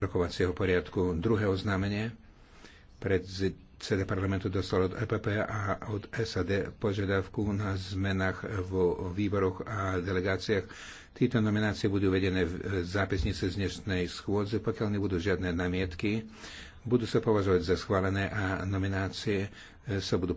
rokovacieho poriadku. Druhé oznámenie CD parlamentu dostal od EPP a od SAD požiadavku na zmenách vo výboroch a delegáciách. Tieto nominácie budú vedené v zápisnice z dnešnej schôdze, pokiaľ nebudú žiadne namietky. Budú sa považovať za schválené a nominácie e, sa budú